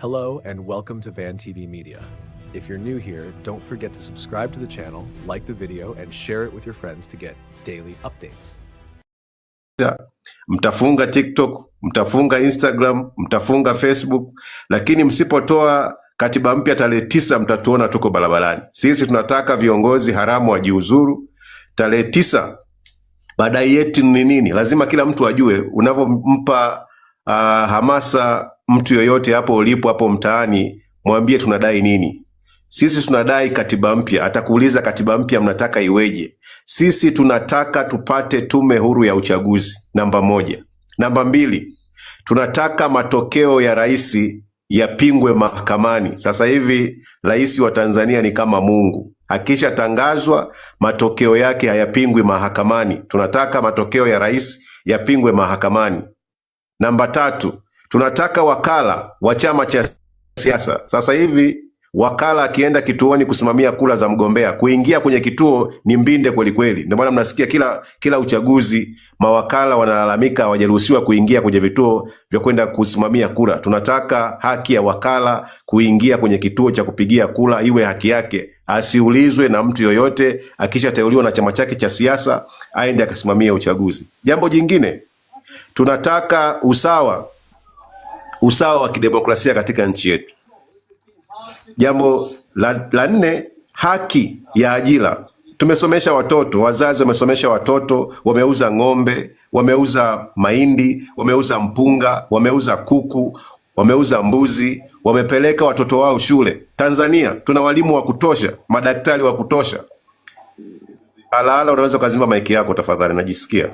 Hello and welcome to Van TV Media. If you're new here, don't forget to subscribe to the channel, like the video, and share it with your friends to get daily updates. Mtafunga TikTok, mtafunga Instagram, mtafunga Facebook, lakini msipotoa katiba mpya tarehe tisa mtatuona tuko barabarani. Sisi tunataka viongozi haramu wajiuzuru tarehe tisa. Madai yetu ni nini? Lazima kila mtu ajue unavyompa uh, hamasa mtu yoyote hapo ulipo hapo mtaani, mwambie tunadai nini. Sisi tunadai katiba mpya. Atakuuliza katiba mpya mnataka iweje? Sisi tunataka tupate tume huru ya uchaguzi, namba moja. Namba mbili, tunataka matokeo ya rais yapingwe mahakamani. Sasa hivi rais wa Tanzania ni kama Mungu, akishatangazwa matokeo yake hayapingwi mahakamani. Tunataka matokeo ya rais yapingwe mahakamani. Namba tatu tunataka wakala wa chama cha siasa. Sasa hivi wakala akienda kituoni kusimamia kura za mgombea, kuingia kwenye kituo ni mbinde kwelikweli. Ndio maana mnasikia kila kila uchaguzi mawakala wanalalamika hawajaruhusiwa kuingia kwenye vituo vya kwenda kusimamia kura. Tunataka haki ya wakala kuingia kwenye kituo cha kupigia kura iwe haki yake, asiulizwe na mtu yoyote. Akishateuliwa na chama chake cha siasa, aende akasimamia uchaguzi. Jambo jingine tunataka usawa usawa wa kidemokrasia katika nchi yetu. Jambo la, la nne, haki ya ajira. Tumesomesha watoto, wazazi wamesomesha watoto, wameuza ng'ombe, wameuza mahindi, wameuza mpunga, wameuza kuku, wameuza mbuzi, wamepeleka watoto wao shule. Tanzania tuna walimu wa kutosha, madaktari wa kutosha. Alaala, unaweza ukazima maiki yako tafadhali, najisikia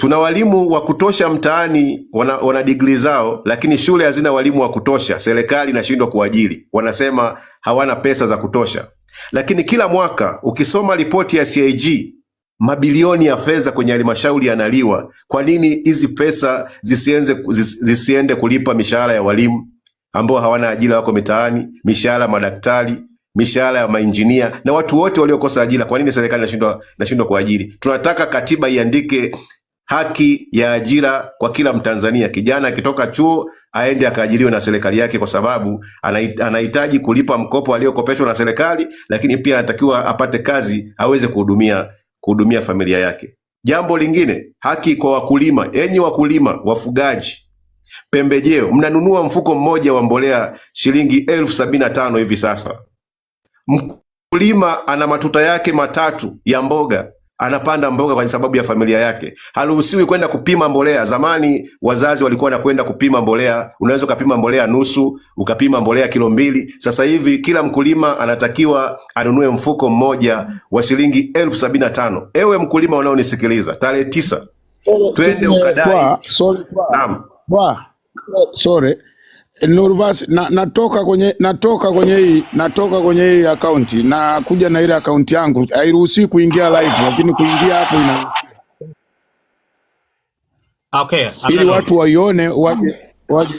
Tuna walimu wa kutosha mtaani, wana, wana digrii zao, lakini shule hazina walimu wa kutosha. Serikali inashindwa kuajiri, wanasema hawana pesa za kutosha. Lakini kila mwaka ukisoma ripoti ya CAG mabilioni ya fedha kwenye halmashauri yanaliwa. Kwa nini hizi pesa zisienze, zis, zisiende kulipa mishahara ya walimu ambao hawana ajira wako mitaani, mishahara ya madaktari, mishahara ya mainjinia na watu wote waliokosa ajira? Kwa nini serikali inashindwa inashindwa kuajiri? Tunataka katiba iandike haki ya ajira kwa kila Mtanzania. Kijana akitoka chuo aende akaajiriwe na serikali yake, kwa sababu anahitaji kulipa mkopo aliyokopeshwa na serikali, lakini pia anatakiwa apate kazi aweze kuhudumia kuhudumia familia yake. Jambo lingine, haki kwa wakulima. Enyi wakulima, wafugaji pembejeo, mnanunua mfuko mmoja wa mbolea shilingi elfu sabini na tano hivi sasa. Mkulima ana matuta yake matatu ya mboga anapanda mboga kwa sababu ya familia yake. Haruhusiwi kwenda kupima mbolea. Zamani wazazi walikuwa wanakwenda kupima mbolea, unaweza ukapima mbolea nusu, ukapima mbolea kilo mbili. Sasa hivi kila mkulima anatakiwa anunue mfuko mmoja wa shilingi elfu sabini na tano. Ewe mkulima unaonisikiliza, tarehe tisa twende ukadai. Naam, sorry. Nurvas, na, natoka kwenye natoka kwenye hii natoka kwenye hii akaunti na kuja na ile akaunti yangu hairuhusiwi kuingia live, lakini kuingia hapo ina okay, ili watu waione waje waje.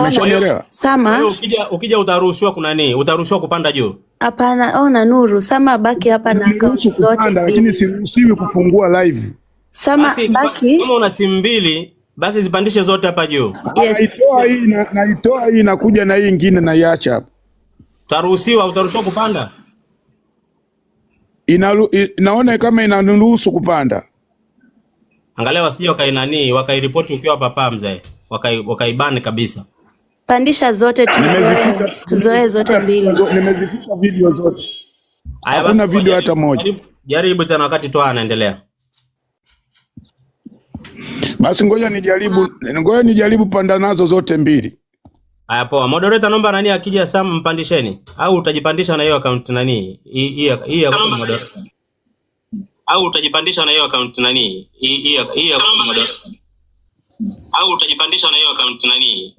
Umeshanielewa Sama? Ukija ukija utaruhusiwa kuna nini? Utaruhusiwa kupanda juu? Hapana, ona Nuru, Sama baki hapa na akaunti zote, lakini siruhusiwi kufungua live. Sama baki, kama una simu mbili basi zipandishe zote hapa juu. Yes. Naitoa hii na, naitoa hii nakuja na hii ingine naiacha hapo. Utaruhusiwa, utaruhusiwa kupanda. Inaru, inaona kama inaruhusu kupanda. Angalia wasije wakainani wakairipoti ukiwa papa mzee. wakaibani waka kabisa. Pandisha zote tuzoe, zote mbili. Nimezifika video zote. Hakuna video hata moja. Jaribu tena wakati toa anaendelea. Basi ngoja nijaribu, ngoja nijaribu panda nazo zote mbili. Haya, poa. Moderator, naomba nani akija Sam mpandisheni, au utajipandisha na hiyo account nani hii hii ya moderator. au utajipandisha na hiyo account nani hii hii ya moderator. au utajipandisha na hiyo account nani hii.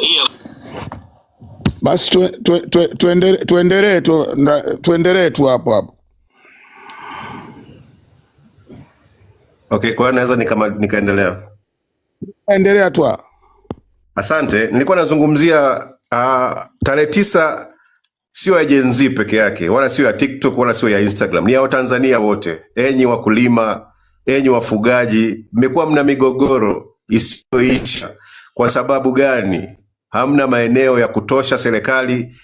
hii ya Basi tuendelee tuendelee tu hapo hapo. Okay, kwa hiyo naweza nika, nikaendelea endelea tu. Asante, nilikuwa nazungumzia uh, tarehe tisa sio ya Gen Z peke yake wala sio ya TikTok wala sio ya Instagram, ni ya Watanzania wote. Enyi wakulima, enyi wafugaji, mmekuwa mna migogoro isiyoisha. Kwa sababu gani? Hamna maeneo ya kutosha. Serikali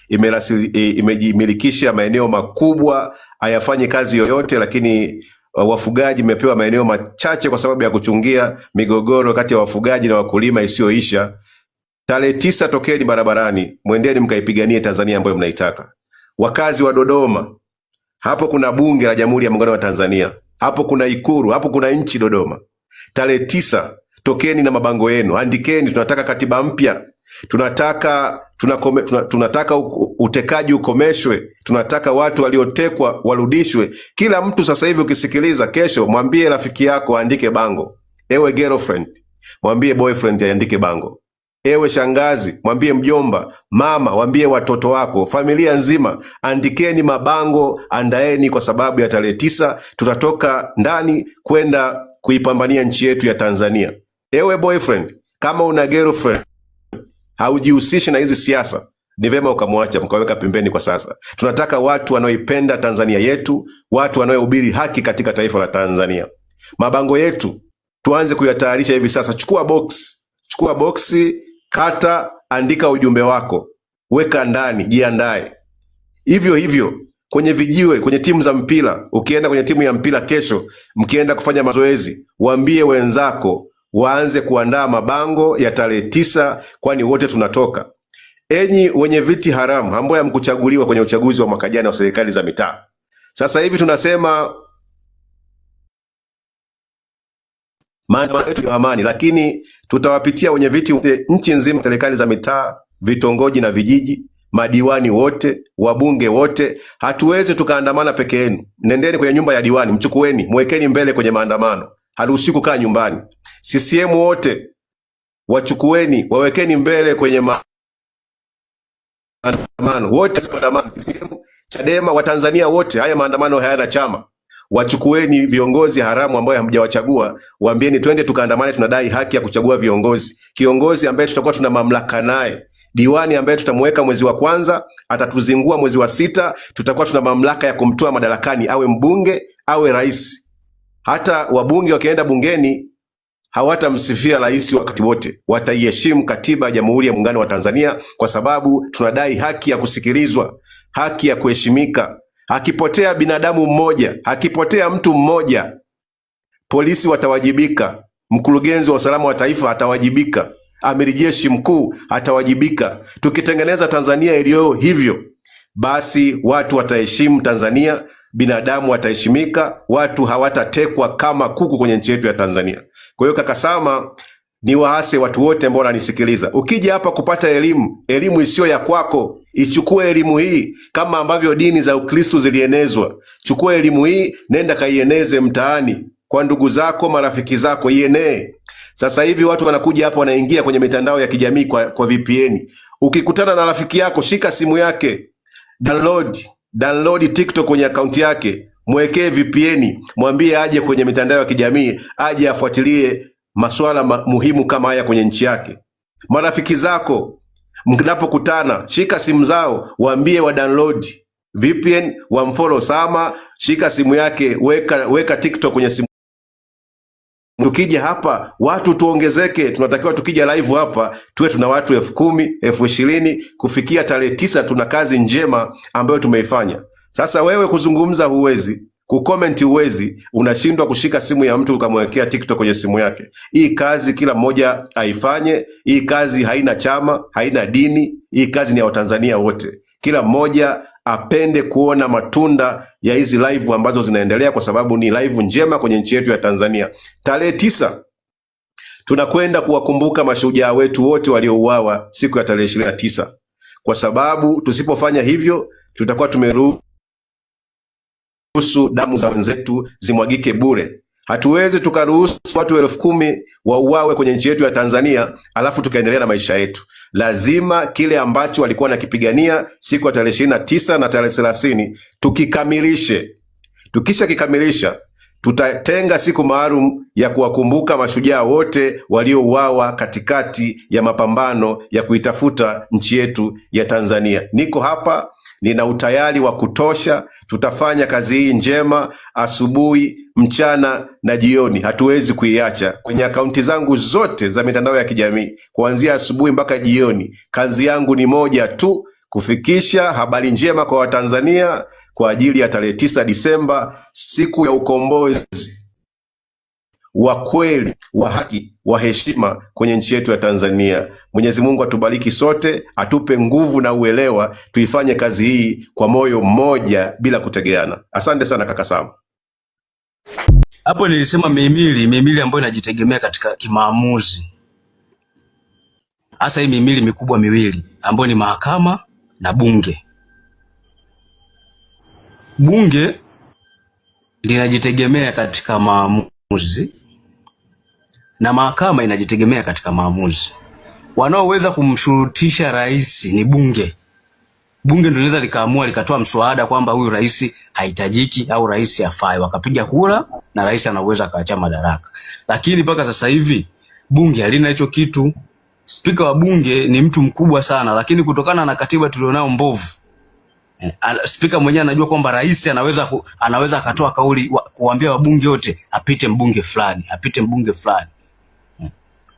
imejimilikisha maeneo makubwa, hayafanyi kazi yoyote, lakini Uh, wafugaji mmepewa maeneo machache kwa sababu ya kuchungia migogoro kati ya wafugaji na wakulima isiyoisha. Tarehe tisa tokeni barabarani, mwendeni mkaipiganie Tanzania ambayo mnaitaka. Wakazi wa Dodoma, hapo kuna bunge la Jamhuri ya Muungano wa Tanzania, hapo kuna Ikuru, hapo kuna nchi Dodoma. Tarehe tisa tokeni na mabango yenu, andikeni, tunataka katiba mpya, tunataka tunakome, tunataka utekaji ukomeshwe, tunataka watu waliotekwa warudishwe. Kila mtu sasa hivi ukisikiliza, kesho mwambie rafiki yako aandike bango. Ewe girlfriend, mwambie boyfriend aandike bango. Ewe shangazi, mwambie mjomba, mama, waambie watoto wako, familia nzima, andikeni mabango, andaeni, kwa sababu ya tarehe tisa tutatoka ndani kwenda kuipambania nchi yetu ya Tanzania. Ewe boyfriend, kama una girlfriend haujihusishi na hizi siasa, ni vema ukamwacha mkaweka pembeni kwa sasa. Tunataka watu wanaoipenda Tanzania yetu, watu wanaohubiri haki katika taifa la Tanzania. Mabango yetu tuanze kuyatayarisha hivi sasa. Chukua box, chukua boksi, kata, andika ujumbe wako, weka ndani, jiandae. Hivyo hivyo kwenye vijiwe, kwenye timu za mpira, ukienda kwenye timu ya mpira kesho, mkienda kufanya mazoezi, waambie wenzako waanze kuandaa mabango ya tarehe tisa, kwani wote tunatoka. Enyi wenye viti haramu ambao hamkuchaguliwa kwenye uchaguzi wa mwaka jana wa serikali za mitaa, sasa hivi tunasema maandamano yetu ya amani, lakini tutawapitia wenye viti nchi nzima, serikali za mitaa, vitongoji na vijiji, madiwani wote, wabunge wote. Hatuwezi tukaandamana peke yenu. Nendeni kwenye nyumba ya diwani, mchukueni, mwekeni mbele kwenye maandamano. Haruhusi kukaa nyumbani. CCM wote wachukueni, wawekeni mbele kwenye maandamano wote, CCM, Chadema, Watanzania wote. Haya maandamano hayana chama. Wachukueni viongozi haramu ambayo hamjawachagua, waambieni twende tukaandamane, tunadai haki ya kuchagua viongozi, kiongozi ambaye tutakuwa tuna mamlaka naye diwani ambaye tutamuweka mwezi wa kwanza, atatuzingua mwezi wa sita. Tutakuwa tuna mamlaka ya kumtoa madarakani, awe mbunge awe rais. Hata wabunge wakienda bungeni hawatamsifia rais wakati wote, wataiheshimu katiba ya Jamhuri ya Muungano wa Tanzania kwa sababu tunadai haki ya kusikilizwa, haki ya kuheshimika. Akipotea binadamu mmoja, akipotea mtu mmoja, polisi watawajibika, mkurugenzi wa usalama wa taifa atawajibika, amiri jeshi mkuu atawajibika. Tukitengeneza Tanzania iliyo hivyo, basi watu wataheshimu Tanzania, binadamu wataheshimika, watu hawatatekwa kama kuku kwenye nchi yetu ya Tanzania. Kwa hiyo kaka Sama, ni waase watu wote ambao wananisikiliza, ukija hapa kupata elimu, elimu isiyo ya kwako, ichukue elimu hii kama ambavyo dini za Ukristo zilienezwa. Chukua elimu hii, nenda kaieneze mtaani kwa ndugu zako, marafiki zako, ienee. Sasa hivi watu wanakuja hapa, wanaingia kwenye mitandao ya kijamii kwa, kwa VPN. Ukikutana na rafiki yako, shika simu yake, download download TikTok kwenye akaunti yake mwekee VPN, mwambie aje kwenye mitandao ya kijamii, aje afuatilie masuala ma muhimu kama haya kwenye nchi yake. Marafiki zako mnapokutana, shika simu zao, waambie wa download VPN, wamfollow Sama, shika simu yake, weka weka TikTok kwenye simu. Tukija hapa watu tuongezeke, tunatakiwa tukija live hapa tuwe tuna watu elfu kumi elfu ishirini kufikia tarehe tisa. Tuna kazi njema ambayo tumeifanya. Sasa wewe kuzungumza huwezi, kukomenti huwezi, unashindwa kushika simu ya mtu ukamwekea TikTok kwenye simu yake. Hii kazi kila mmoja aifanye. Hii kazi haina chama, haina dini. Hii kazi ni ya Watanzania wote, kila mmoja apende kuona matunda ya hizi live ambazo zinaendelea, kwa sababu ni live njema kwenye nchi yetu ya Tanzania. Tarehe tisa tunakwenda kuwakumbuka mashujaa wetu wote waliouawa siku ya tarehe ishirini na tisa, kwa sababu tusipofanya hivyo tutakuwa tumeruhusu kuruhusu damu za wenzetu zimwagike bure. Hatuwezi tukaruhusu watu elfu kumi wauawe kwenye nchi yetu ya Tanzania alafu tukaendelea na maisha yetu. Lazima kile ambacho walikuwa nakipigania siku ya tarehe ishirini na tisa na tarehe thelathini tukikamilishe. Tukisha kikamilisha tutatenga siku maalum ya kuwakumbuka mashujaa wote waliouawa katikati ya mapambano ya kuitafuta nchi yetu ya Tanzania. Niko hapa Nina utayari wa kutosha, tutafanya kazi hii njema asubuhi, mchana na jioni, hatuwezi kuiacha. Kwenye akaunti zangu zote za mitandao ya kijamii, kuanzia asubuhi mpaka jioni, kazi yangu ni moja tu, kufikisha habari njema kwa Watanzania kwa ajili ya tarehe 9 Disemba, siku ya ukombozi wa kweli wa haki wa heshima kwenye nchi yetu ya Tanzania. Mwenyezi Mungu atubariki sote, atupe nguvu na uelewa, tuifanye kazi hii kwa moyo mmoja bila kutegeana. Asante sana kaka Sam. Hapo nilisema mihimili, mihimili ambayo inajitegemea katika kimaamuzi, hasa hii mihimili mikubwa miwili ambayo ni mahakama na bunge. Bunge linajitegemea katika maamuzi na mahakama inajitegemea katika maamuzi. Wanaoweza kumshurutisha rais ni bunge. Bunge ndio linaweza likaamua likatoa mswada kwamba huyu rais hahitajiki au rais afai, wakapiga kura na rais anaweza akaacha madaraka. Lakini mpaka sasa hivi bunge halina hicho kitu. Spika wa bunge ni mtu mkubwa sana, lakini kutokana na katiba tulionayo mbovu eh, Spika mwenyewe anajua kwamba rais anaweza ku, anaweza akatoa kauli kuambia wabunge wote apite mbunge fulani apite mbunge fulani.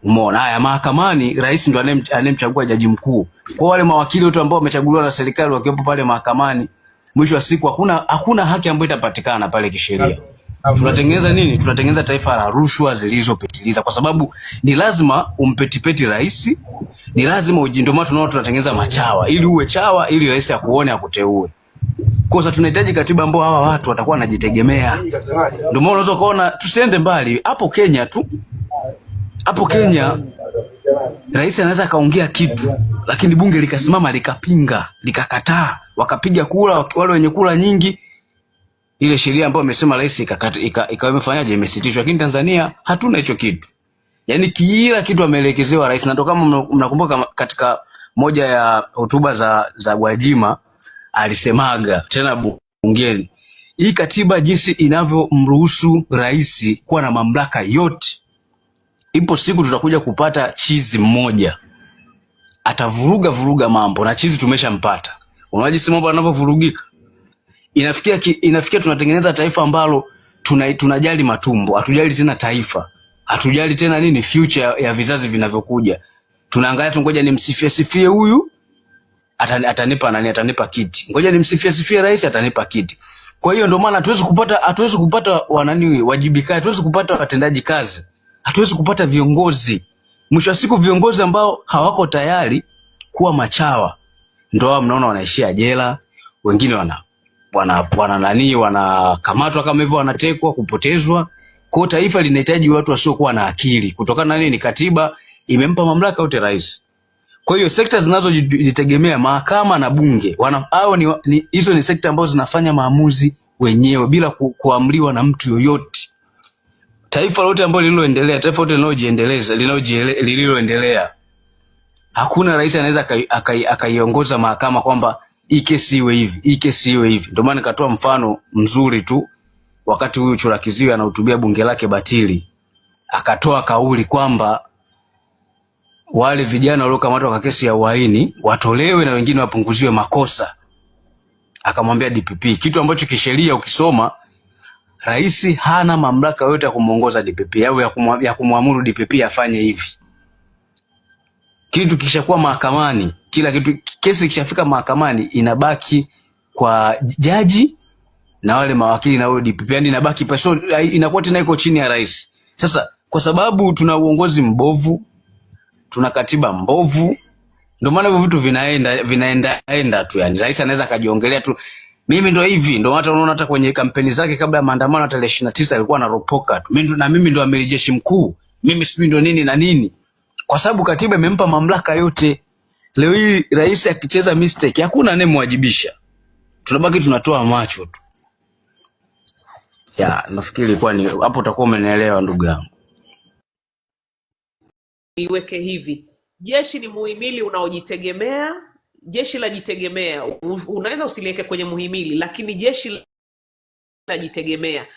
Umeona haya mahakamani, rais ndo anayemchagua jaji mkuu. Kwa wale mawakili wote ambao wamechaguliwa na serikali wakiwepo pale mahakamani, mwisho wa siku hakuna hakuna haki ambayo itapatikana pale kisheria. Tunatengeneza nini? Tunatengeneza taifa la rushwa zilizopitiliza, kwa sababu ni lazima umpetipeti rais, ni lazima ujindoma. Tunao tunatengeneza machawa ili uwe chawa, ili rais akuone akuteue. Kosa tunahitaji katiba ambao hawa watu watakuwa wanajitegemea. Ndio maana unaweza kuona, tusiende mbali hapo Kenya tu hapo Kenya rais anaweza akaongea kitu lakini bunge likasimama likapinga likakataa, wakapiga kura, wale wenye kura nyingi, ile sheria ambayo amesema rais ikawa ika, imefanyaje imesitishwa. Lakini Tanzania hatuna hicho kitu, yani kila kitu ameelekezewa rais. Na kama mnakumbuka katika moja ya hotuba za za Gwajima alisemaga tena bungeni, hii katiba jinsi inavyomruhusu rais kuwa na mamlaka yote ipo siku tutakuja kupata chizi mmoja atavuruga vuruga mambo, na chizi tumeshampata. Unaona jinsi mambo yanavyovurugika, inafikia ki, inafikia tunatengeneza taifa ambalo tuna, tunajali matumbo, hatujali tena taifa, hatujali tena nini future ya vizazi vinavyokuja. Tunaangalia tu, ngoja nimsifie sifie huyu atani, atanipa nani, atanipa kiti, ngoja nimsifie sifie rais atanipa kiti. Kwa hiyo ndio maana hatuwezi kupata hatuwezi kupata wanani wajibikaji, hatuwezi kupata watendaji kazi hatuwezi kupata viongozi. Mwisho wa siku viongozi ambao hawako tayari kuwa machawa ndo hao mnaona wanaishia jela, wengine wana wana wana nani wanakamatwa kama hivyo, wanatekwa, kupotezwa. Kwa taifa linahitaji watu wasiokuwa na akili. Kutokana na nini? Katiba imempa mamlaka yote rais. Kwa hiyo sekta zinazojitegemea mahakama na bunge, wana, hao ni hizo ni, sekta ambazo zinafanya maamuzi wenyewe bila ku, kuamliwa na mtu yoyote taifa lote ambalo lililoendelea, taifa lote linalojiendeleza lililoendelea, hakuna rais anaweza akaiongoza mahakama kwamba ikesi iwe hivi, ikesi iwe hivi. Ndio maana nikatoa mfano mzuri tu, wakati huyu Churakiziwe anahutubia bunge lake batili, akatoa kauli kwamba wale vijana waliokamatwa kwa kesi ya uhaini watolewe na wengine wapunguziwe makosa, akamwambia DPP, kitu ambacho kisheria ukisoma rais hana mamlaka yoyote ya kumuongoza DPP au ya kumwamuru DPP afanye hivi. Kitu kishakuwa mahakamani, kila kitu, kesi kishafika mahakamani inabaki kwa jaji na wale mawakili na wale DPP, yani inabaki so, inakuwa tena iko chini ya rais. Sasa kwa sababu tuna uongozi mbovu, tuna katiba mbovu, ndio maana hivyo vitu vinaenda vinaenda enda tu, yani rais anaweza akajiongelea tu mimi ndo hivi ndo hata unaona hata kwenye kampeni zake kabla ya maandamano tarehe ishirini na tisa alikuwa anaropoka tu, mimi na mimi ndo amiri jeshi mkuu, mimi sijui ndo nini na nini, kwa sababu katiba imempa mamlaka yote. Leo hii rais akicheza mistake, hakuna anayemwajibisha, tunabaki tunatoa macho tu. Ya, nafikiri ilikuwa ni hapo, utakuwa umenielewa ndugu yangu. iweke hivi, jeshi ni muhimili unaojitegemea jeshi la jitegemea unaweza usiliweke kwenye muhimili, lakini jeshi la jitegemea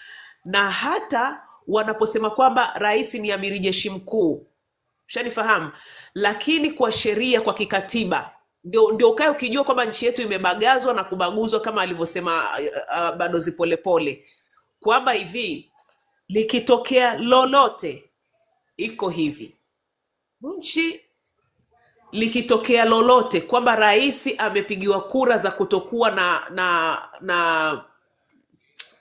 Na hata wanaposema kwamba rais ni amiri jeshi mkuu, shanifahamu, lakini kwa sheria, kwa kikatiba ndio, ndio ukae ukijua kwamba nchi yetu imebagazwa na kubaguzwa kama alivyosema uh, uh, Balozi Polepole kwamba hivi likitokea lolote iko hivi nchi likitokea lolote kwamba rais amepigiwa kura za kutokuwa na na na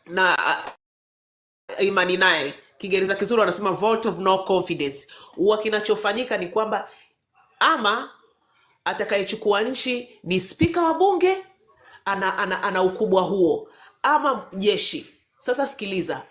na uh, imani naye, Kiingereza kizuri wanasema vote of no confidence, huwa kinachofanyika ni kwamba ama atakayechukua nchi ni spika wa bunge ana, ana, ana ukubwa huo ama jeshi. Sasa sikiliza,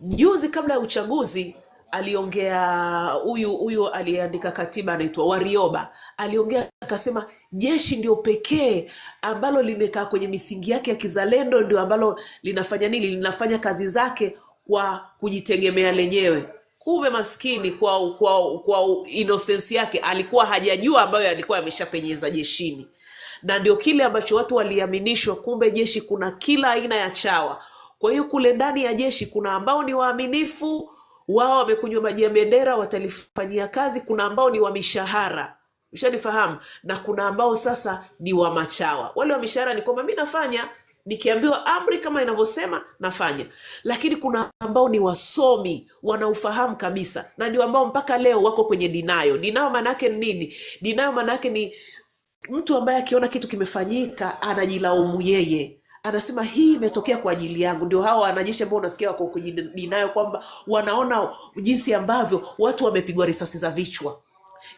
juzi kabla ya uchaguzi aliongea huyu huyu aliyeandika katiba anaitwa Warioba, aliongea akasema, jeshi ndio pekee ambalo limekaa kwenye misingi yake ya kizalendo, ndio ambalo linafanya nini, linafanya kazi zake kwa kujitegemea lenyewe. Kumbe maskini kwa, kwa, kwa inosensi yake alikuwa hajajua ambayo alikuwa ameshapenyeza jeshini, na ndio kile ambacho watu waliaminishwa. Kumbe jeshi kuna kila aina ya chawa. Kwa hiyo kule ndani ya jeshi kuna ambao ni waaminifu wao wamekunywa maji ya bendera, watalifanyia kazi. Kuna ambao ni wa mishahara, ushanifahamu, na kuna ambao sasa ni wa machawa. Wale wa mishahara ni kwamba mi nafanya nikiambiwa amri kama inavyosema nafanya, lakini kuna ambao ni wasomi wanaufahamu kabisa, na ndio ambao mpaka leo wako kwenye dinayo. Dinayo maana yake ni nini? Dinayo maana yake ni mtu ambaye akiona kitu kimefanyika anajilaumu yeye anasema hii imetokea kwa ajili yangu. Ndio hawa wanajeshi ambao unasikia wako kujidinayo kwamba wanaona jinsi ambavyo watu wamepigwa risasi za vichwa,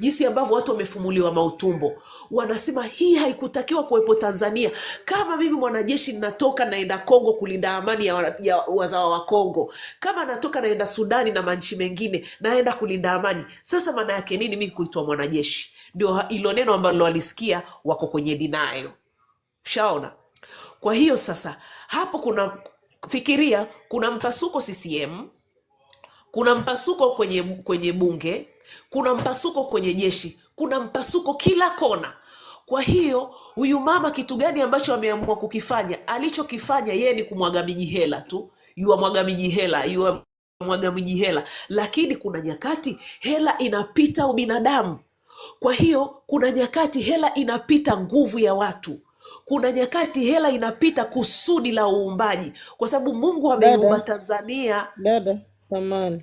jinsi ambavyo watu wamefumuliwa mautumbo, wanasema hii haikutakiwa kuwepo Tanzania. Kama mimi mwanajeshi natoka naenda Kongo kulinda amani ya, ya wazawa wa Kongo, kama natoka naenda Sudani na manchi mengine naenda kulinda amani, sasa maana yake nini mimi kuitwa mwanajeshi? Ndio hilo neno ambalo walisikia wako kwenye dinayo. Shaona kwa hiyo sasa hapo kuna fikiria, kuna mpasuko CCM, kuna mpasuko kwenye, kwenye bunge, kuna mpasuko kwenye jeshi, kuna mpasuko kila kona. Kwa hiyo huyu mama kitu gani ambacho ameamua kukifanya? Alichokifanya yeye ni kumwaga miji hela tu, yua mwaga miji hela, yua mwaga miji hela, lakini kuna nyakati hela inapita ubinadamu. Kwa hiyo kuna nyakati hela inapita nguvu ya watu kuna nyakati hela inapita kusudi la uumbaji, kwa sababu Mungu ameumba Tanzania. Dada samani,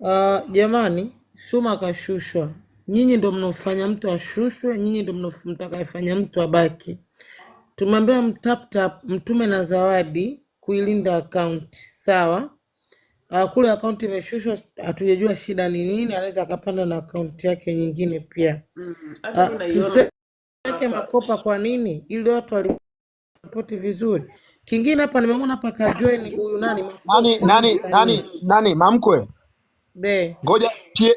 uh, jamani, Suma akashushwa. Nyinyi ndo mnaofanya mtu ashushwe, nyinyi ndo mtakayefanya mtu abaki. Tumeambiwa mtaptap mtume na zawadi kuilinda akaunti, sawa. Uh, kule akaunti imeshushwa, hatujajua shida ni nini, anaweza akapanda na akaunti yake nyingine pia. mm -hmm. uh, yake Makopa kwa nini ili watu walipoti vizuri. Kingine hapa nimeona hapa ka join huyu nani nani nani nani nani mamkwe be ngoja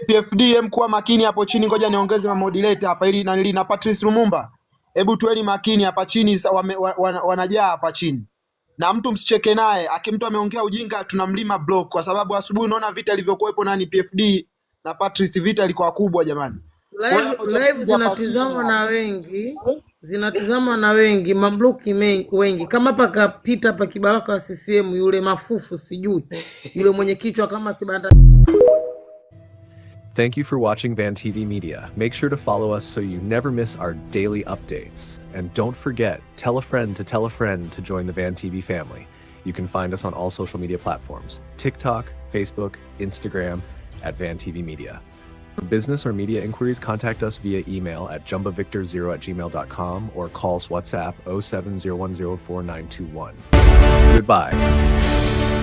PFDM kuwa makini hapo chini, ngoja niongeze ma moderator hapa ili nani na Patrice Lumumba, hebu tueni makini hapa chini wame, wan, wanajaa hapa chini na mtu msicheke naye, akimtu ameongea ujinga tunamlima block, kwa sababu asubuhi unaona vita ilivyokuwepo nani PFD na Patrice, vita ilikuwa kubwa jamani. na wengi, na wengi, mamluki wengi. Kama kibaraka wa CCM yule mafufu, sijui yule mwenye kichwa kama kibanda. Thank you for watching Van TV Media. Make sure to follow us so you never miss our daily updates. And don't forget, tell a friend to tell a friend to join the Van TV family. You can find us on all social media platforms TikTok, Facebook, Instagram at Van TV Media. For business or media inquiries, contact us via email at jumbavictor0 at gmail.com or call us WhatsApp 0701049121. Goodbye.